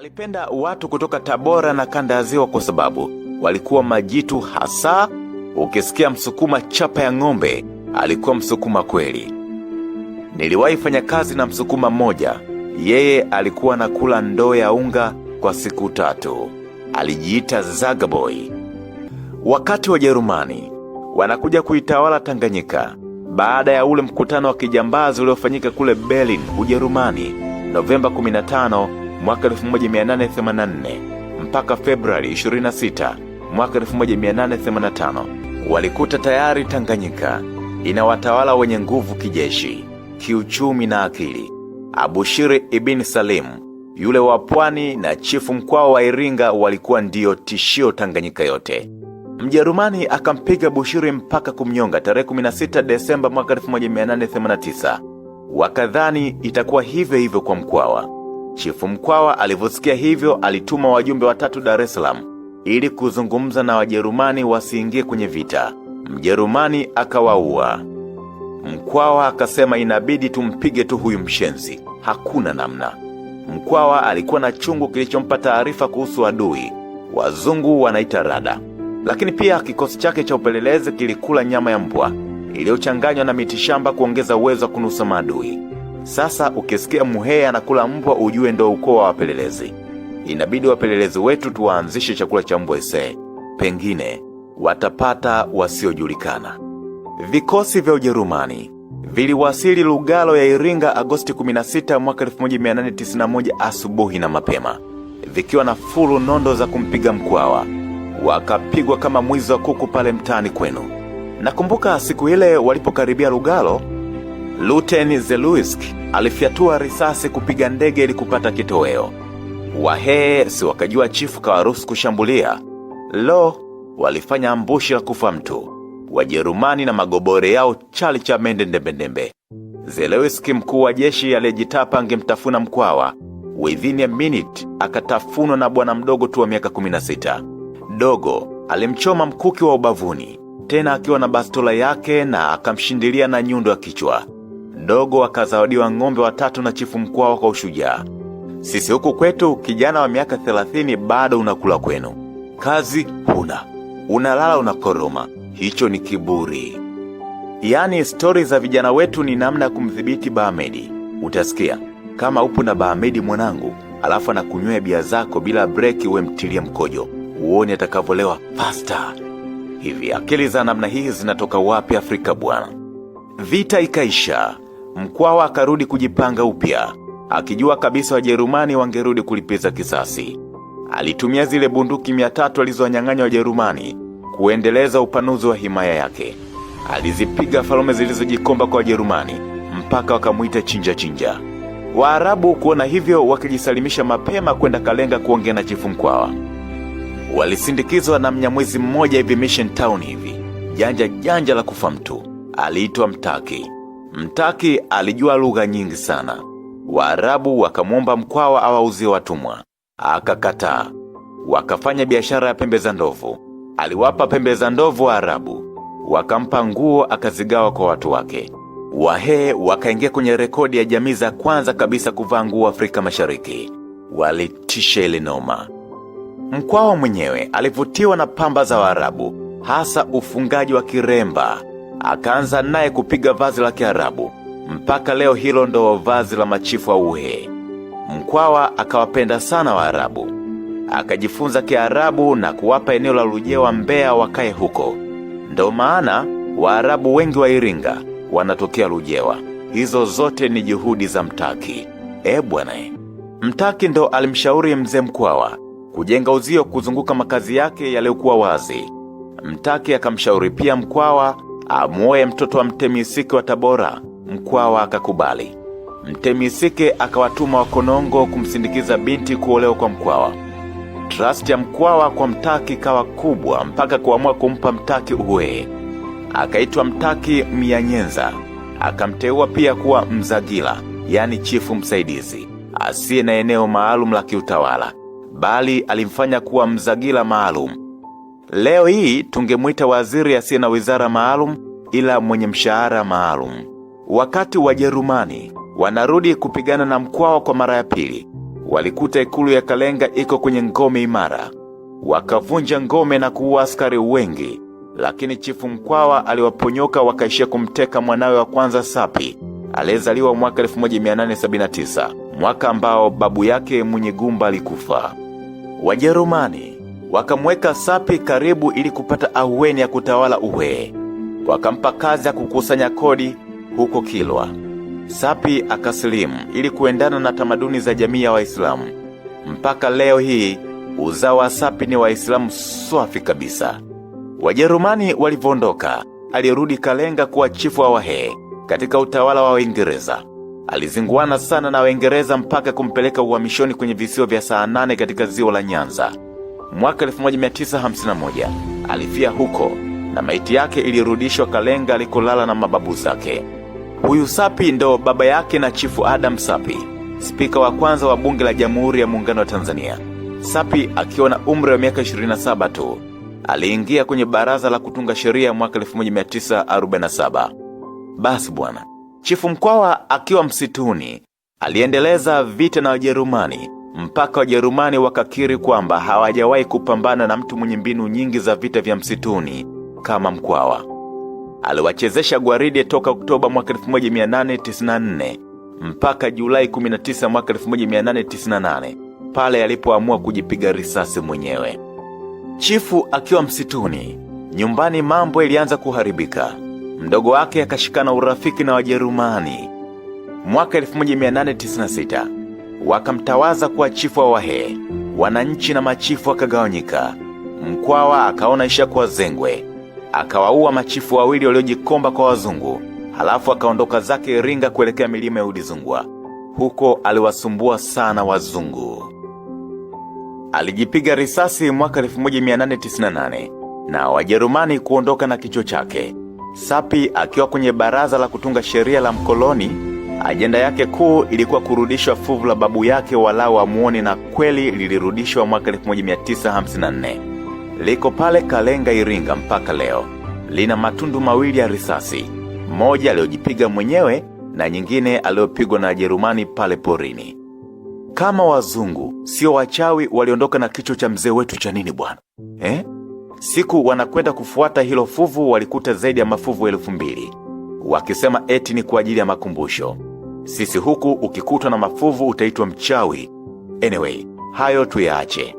Alipenda watu kutoka Tabora na kanda ya Ziwa kwa sababu walikuwa majitu hasa. Ukisikia Msukuma chapa ya ng'ombe, alikuwa Msukuma kweli. Niliwahi fanya kazi na Msukuma mmoja, yeye alikuwa anakula ndoo ya unga kwa siku tatu, alijiita Zagaboi. Wakati wa jerumani wanakuja kuitawala Tanganyika baada ya ule mkutano wa kijambazi uliofanyika kule Berlin, Ujerumani, Novemba 15 mwaka 1884 mpaka Februari 26 mwaka 1885 walikuta tayari Tanganyika ina watawala wenye nguvu kijeshi, kiuchumi na akili. Abushiri ibn Salim yule wa pwani na chifu Mkwawa wa Iringa walikuwa ndiyo tishio Tanganyika yote. Mjerumani akampiga Bushiri mpaka kumnyonga tarehe 16 Desemba mwaka 1889. Wakadhani itakuwa hivyo hivyo kwa Mkwawa. Chifu Mkwawa alivyosikia hivyo alituma wajumbe watatu Dar es Salaam ili kuzungumza na Wajerumani wasiingie kwenye vita. Mjerumani akawaua. Mkwawa akasema inabidi tumpige tu huyu mshenzi, hakuna namna. Mkwawa alikuwa na chungu kilichompa taarifa kuhusu adui, wazungu wanaita rada, lakini pia kikosi chake cha upelelezi kilikula nyama ya mbwa iliyochanganywa na mitishamba kuongeza uwezo wa kunusa maadui. Sasa ukisikia muhea anakula mbwa, ujue ndo ukoo wa wapelelezi. Inabidi wapelelezi wetu tuwaanzishe chakula cha mbwa ese, pengine watapata wasiojulikana. Vikosi vya Ujerumani viliwasili Lugalo ya Iringa Agosti 16 mwaka 1891 asubuhi na mapema, vikiwa na fulu nondo za kumpiga Mkwawa. Wakapigwa kama mwizi wa kuku pale mtaani kwenu. Nakumbuka siku ile walipokaribia Lugalo Luten Zeluiski alifyatua risasi kupiga ndege ili kupata kitoweo. Wahee si wakajua chifu kawaruhusu kushambulia. Lo, walifanya ambushi la kufa mtu. Wajerumani na magobore yao chali cha mende ndembendembe. Zeluisk mkuu wa jeshi aliyejitapa angemtafuna Mkwawa. Within a minute akatafunwa na bwana mdogo tu wa miaka 16. Dogo alimchoma mkuki wa ubavuni, tena akiwa na bastola yake na akamshindilia na nyundo ya kichwa. Mdogo wakazawadiwa ng'ombe watatu na chifu mkwawa kwa ushujaa. Sisi huku kwetu kijana wa miaka thelathini bado unakula kwenu, kazi huna, unalala unakoroma. Hicho ni kiburi. Yaani stori za vijana wetu ni namna ya kumdhibiti Bahamedi. Utasikia kama upo na Bahamedi mwanangu, alafu anakunywea bia zako bila breki, uwe mtilie mkojo, uone atakavolewa pasta. Hivi akili za namna hii zinatoka wapi Afrika bwana? Vita ikaisha. Mkwawa akarudi kujipanga upya, akijua kabisa Wajerumani wangerudi kulipiza kisasi. Alitumia zile bunduki mia tatu alizowanyang'anya Wajerumani kuendeleza upanuzi wa himaya yake. Alizipiga falme zilizojikomba kwa Wajerumani mpaka wakamwita chinja chinja. Waarabu kuona hivyo, wakijisalimisha mapema kwenda Kalenga kuongea na chifu Mkwawa. Walisindikizwa na Mnyamwezi mmoja hivi Mission Town hivi, janja janja la kufa mtu, aliitwa Mtaki. Mtaki alijua lugha nyingi sana. Waarabu wakamwomba Mkwawa awauzie watumwa, akakataa. Wakafanya biashara ya pembe za ndovu. Aliwapa pembe za ndovu Waarabu, wakampa nguo akazigawa kwa watu wake. Wahee wakaingia kwenye rekodi ya jamii za kwanza kabisa kuvaa nguo Afrika Mashariki. Walitisha ile noma. Mkwawa mwenyewe alivutiwa na pamba za Waarabu, hasa ufungaji wa kiremba akaanza naye kupiga vazi la Kiarabu. Mpaka leo hilo ndo vazi la machifu wa Mkwawa akawapenda sana Waarabu, akajifunza Kiarabu na kuwapa eneo la Lujewa, Mbeya, wakae huko. Ndo maana Waarabu wengi wa Iringa wanatokea Lujewa. Hizo zote ni juhudi za Mtaki. E bwana, Mtaki ndo alimshauri mzee Mkwawa kujenga uzio kuzunguka makazi yake yaliyokuwa wazi. Mtaki akamshauri pia Mkwawa amuwe mtoto wa Mtemisike wa Tabora, Mkwawa akakubali. Mtemisike akawatuma wakonongo kumsindikiza binti kuoleo kwa Mkwawa. Trust ya Mkwawa kwa Mtaki kawa kubwa mpaka kuamua kumpa Mtaki uwe. Akaitwa Mtaki Mianyenza, akamteua pia kuwa Mzagila, yani chifu msaidizi asiye na eneo maalum la kiutawala, bali alimfanya kuwa Mzagila maalum Leo hii tungemwita waziri asiye na wizara maalum, ila mwenye mshahara maalum. Wakati Wajerumani wanarudi kupigana na Mkwawa kwa mara ya pili, walikuta ikulu ya Kalenga iko kwenye ngome imara. Wakavunja ngome na kuua askari wengi, lakini chifu Mkwawa aliwaponyoka, wakaishia kumteka mwanawe wa kwanza Sapi aliyezaliwa mwaka 1879 mwaka ambao babu yake Munyigumba alikufa. Wajerumani Wakamweka Sapi karibu ili kupata aweni ya kutawala Uhehe. Wakampa kazi ya kukusanya kodi huko Kilwa. Sapi akasilimu ili kuendana na tamaduni za jamii ya Waislamu. Mpaka leo hii uzao wa Sapi ni Waislamu swafi kabisa. Wajerumani walivondoka alirudi Kalenga kuwa chifu wa Wahehe katika utawala wa Waingereza. Alizinguana sana na Waingereza mpaka kumpeleka uhamishoni kwenye visiwa vya saa nane katika ziwa la Nyanza mwaka 1951 alifia huko na maiti yake ilirudishwa Kalenga alikolala na mababu zake. Huyu Sapi ndo baba yake na Chifu Adam Sapi, spika wa kwanza wa bunge la Jamhuri ya Muungano wa Tanzania. Sapi akiwa na umri wa miaka 27 tu aliingia kwenye baraza la kutunga sheria mwaka 1947. Basi bwana, Chifu Mkwawa akiwa msituni aliendeleza vita na Wajerumani mpaka Wajerumani wakakiri kwamba hawajawahi kupambana na mtu mwenye mbinu nyingi za vita vya msituni kama Mkwawa. Aliwachezesha gwaride toka Oktoba mwaka 1894 mpaka Julai 19 mwaka 1898 pale alipoamua kujipiga risasi mwenyewe. Chifu akiwa msituni nyumbani, mambo ilianza kuharibika. Mdogo wake akashikana urafiki na Wajerumani. Mwaka 1896 wakamtawaza kuwa chifu wa Wahee. Wananchi na machifu wakagawanyika. Mkwawa akaona isha kuwa zengwe, akawaua machifu wawili waliojikomba kwa wazungu, halafu akaondoka zake Iringa kuelekea milima ya Udizungwa. Huko aliwasumbua sana wazungu. Alijipiga risasi mwaka 1898 na Wajerumani kuondoka na kichwa chake. Sapi akiwa kwenye baraza la kutunga sheria la mkoloni Ajenda yake kuu ilikuwa kurudishwa fuvu la babu yake Walawi wamuoni, na kweli lilirudishwa mwaka 1954. Liko pale Kalenga, Iringa mpaka leo. Lina matundu mawili ya risasi, moja aliyojipiga mwenyewe na nyingine aliyopigwa na Wajerumani pale porini. Kama wazungu sio wachawi, waliondoka na kichwa cha mzee wetu cha nini bwana eh? Siku wanakwenda kufuata hilo fuvu walikuta zaidi ya mafuvu elfu mbili wakisema eti ni kwa ajili ya makumbusho sisi huku ukikutwa na mafuvu utaitwa mchawi. Anyway, hayo tuyaache.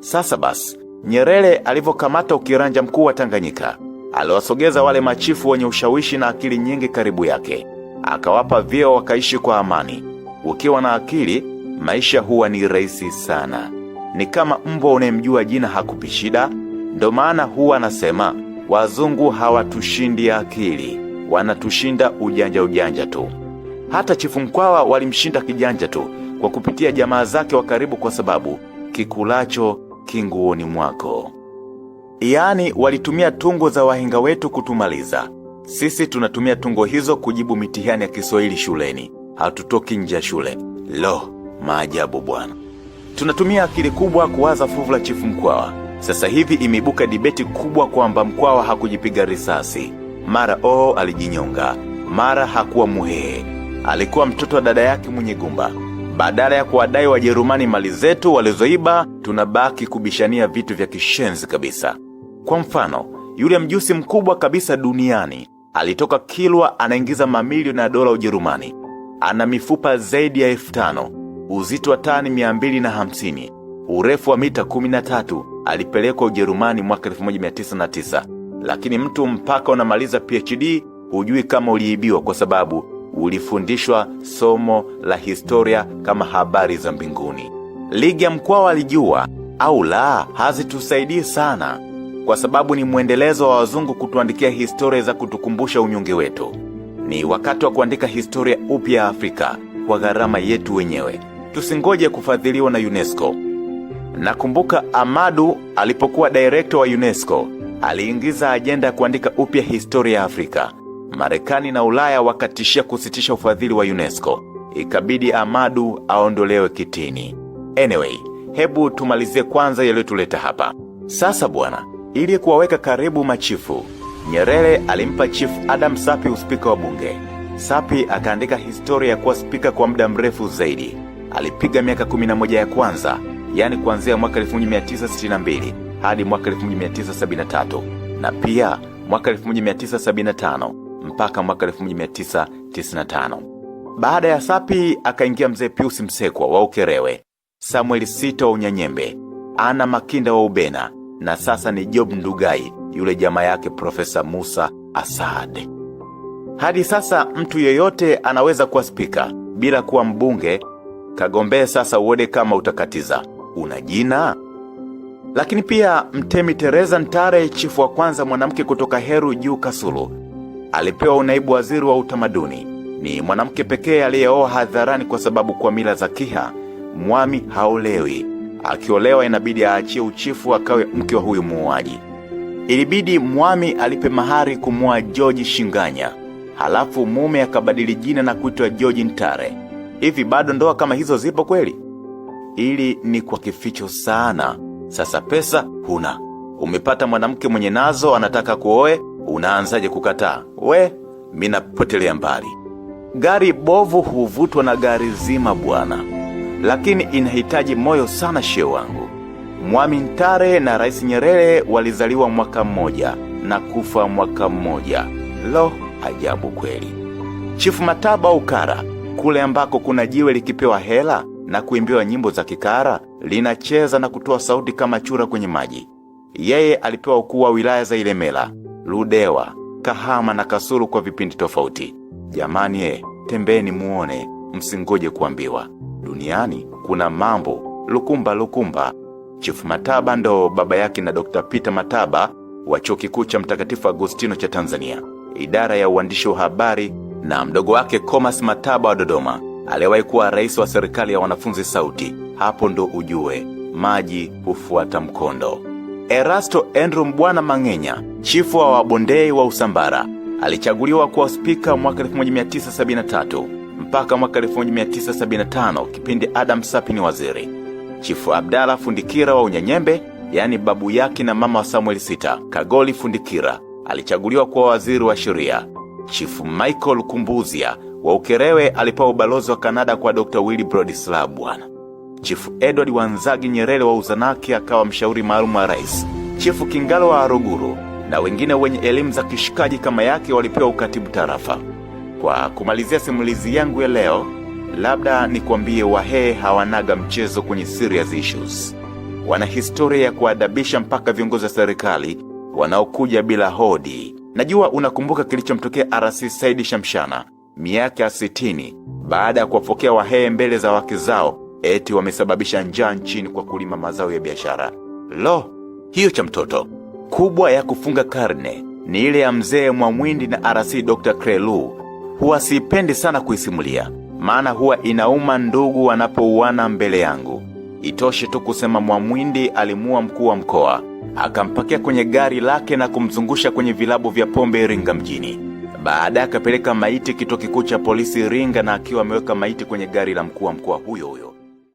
Sasa basi, Nyerere alivyokamata ukiranja mkuu wa Tanganyika, aliwasogeza wale machifu wenye ushawishi na akili nyingi karibu yake, akawapa vyeo, wakaishi kwa amani. Ukiwa na akili, maisha huwa ni rahisi sana. Ni kama mbwa unayemjua jina hakupi shida. Ndo maana huwa anasema wazungu hawatushindi akili, wanatushinda ujanja ujanja tu. Hata Chifu Mkwawa walimshinda kijanja tu kwa kupitia jamaa zake wa karibu, kwa sababu kikulacho kinguoni mwako. Yaani, walitumia tungo za wahenga wetu kutumaliza. Sisi tunatumia tungo hizo kujibu mitihani ya Kiswahili shuleni, hatutoki nje ya shule. Lo, maajabu bwana! Tunatumia akili kubwa kuwaza fuvu la Chifu Mkwawa. Sasa hivi imeibuka dibeti kubwa kwamba Mkwawa hakujipiga risasi, mara oo, alijinyonga, mara hakuwa muhehe alikuwa mtoto wa dada yake mwenye gumba. Badala ya kuwadai Wajerumani mali zetu walizoiba, tunabaki kubishania vitu vya kishenzi kabisa. Kwa mfano, yule mjusi mkubwa kabisa duniani alitoka Kilwa, anaingiza mamilioni ya dola Ujerumani. Ana mifupa zaidi ya elfu tano uzito wa tani mia na hamsini urefu wa mita kumi tatu Alipelekwa Ujerumani mwaka tisa. lakini mtu mpaka unamaliza PhD hujui kama uliibiwa, kwa sababu ulifundishwa somo la historia kama habari za mbinguni. Ligi ya Mkwawa alijua au la, hazitusaidii sana kwa sababu ni mwendelezo wa wazungu kutuandikia historia za kutukumbusha unyonge wetu. Ni wakati wa kuandika historia upya ya Afrika kwa gharama yetu wenyewe. Tusingoje kufadhiliwa na UNESCO. Nakumbuka Amadu alipokuwa director wa UNESCO aliingiza ajenda ya kuandika upya historia ya Afrika. Marekani na Ulaya wakatishia kusitisha ufadhili wa UNESCO, ikabidi Amadu aondolewe kitini. Anyway, hebu tumalizie kwanza yaliyotuleta hapa. Sasa bwana, ili kuwaweka karibu machifu, Nyerere alimpa chifu Adam Sapi uspika wa bunge. Sapi akaandika historia ya kuwa spika kwa muda mrefu zaidi. Alipiga miaka 11 ya kwanza, yani kuanzia mwaka 1962 hadi mwaka 1973 na pia mwaka 1975 mpaka mwaka tano. Baada ya Sapi akaingia mzee Piusi Msekwa wa Ukerewe, Samuel Sito wa Unyanyembe, Ana Makinda wa Ubena na sasa ni Job Ndugai yule jamaa yake Profesa Musa Asad. Hadi sasa mtu yeyote anaweza kuwa spika bila kuwa mbunge. Kagombee sasa uone kama utakatiza, una jina. Lakini pia Mtemi Teresa Ntare, chifu wa kwanza mwanamke kutoka Heru juu Kasulu, alipewa unaibu waziri wa utamaduni. Ni mwanamke pekee aliyeoa hadharani, kwa sababu kwa mila za Kiha mwami haolewi. Akiolewa inabidi aachie uchifu akawe mke wa huyu muuaji. Ilibidi mwami alipe mahari kumwoa George Shinganya, halafu mume akabadili jina na kuitwa George Ntare. Hivi bado ndoa kama hizo zipo kweli? Ili ni kwa kificho sana. Sasa pesa huna, umepata mwanamke mwenye nazo anataka kuoe Unaanzaje kukataa? We, mi napotelea mbali. Gari bovu huvutwa na gari zima bwana, lakini inahitaji moyo sana shie wangu. Mwami Ntare na Rais Nyerere walizaliwa mwaka mmoja na kufa mwaka mmoja. Lo, ajabu kweli. Chifu Mataba Ukara kule ambako kuna jiwe likipewa hela na kuimbiwa nyimbo za kikara linacheza na kutoa sauti kama chura kwenye maji. Yeye alipewa ukuu wa wilaya za Ilemela. Ludewa, Kahama na Kasulu kwa vipindi tofauti. Jamani e, tembeni muone, msingoje kuambiwa. Duniani kuna mambo lukumba lukumba. Chief Mataba ndo baba yake na Dr. Peter Mataba wa Chuo Kikuu cha Mtakatifu Agustino cha Tanzania, idara ya uandishi wa habari, na mdogo wake komas Mataba wa Dodoma aliyewahi kuwa rais wa serikali ya wanafunzi SAUTI. Hapo ndo ujue maji hufuata mkondo. Erasto Andrew Mbwana Mang'enya, chifu wa Wabondei wa Usambara, alichaguliwa kuwa spika mwaka 1973 mpaka mwaka 1975 kipindi Adam Sapi ni waziri. Chifu Abdala Fundikira wa Unyanyembe, yani babu yake na mama wa Samuel Sita Kagoli Fundikira, alichaguliwa kuwa waziri wa sheria. Chifu Michael Kumbuzia wa Ukerewe alipewa ubalozi wa Kanada kwa Dr. Willy Slaa Bwana. Chifu Edward Wanzagi Nyerere wa Uzanaki akawa mshauri maalum wa rais. Chifu Kingalo wa Aruguru na wengine wenye elimu za kishikaji kama yake walipewa ukatibu tarafa. Kwa kumalizia simulizi yangu ya leo, labda nikwambie Wahehe hawanaga mchezo kwenye serious issues. Wana historia ya kuadabisha mpaka viongozi wa serikali wanaokuja bila hodi. Najua unakumbuka kilichomtokea RC Saidi Shamshana miaka ya sitini baada ya kuwapokea Wahehe mbele za wake zao eti wamesababisha njaa nchini kwa kulima mazao ya biashara. Lo, hiyo cha mtoto! Kubwa ya kufunga karne ni ile ya mzee Mwamwindi na RC Dr. Krelu. Huwa sipendi sana kuisimulia, maana huwa inauma ndugu wanapouana mbele yangu. Itoshe tu kusema Mwamwindi alimua mkuu wa mkoa, akampakia kwenye gari lake na kumzungusha kwenye vilabu vya pombe Iringa mjini. Baadaye akapeleka maiti kituo kikuu cha polisi Iringa, na akiwa ameweka maiti kwenye gari la mkuu wa mkoa huyo huyo.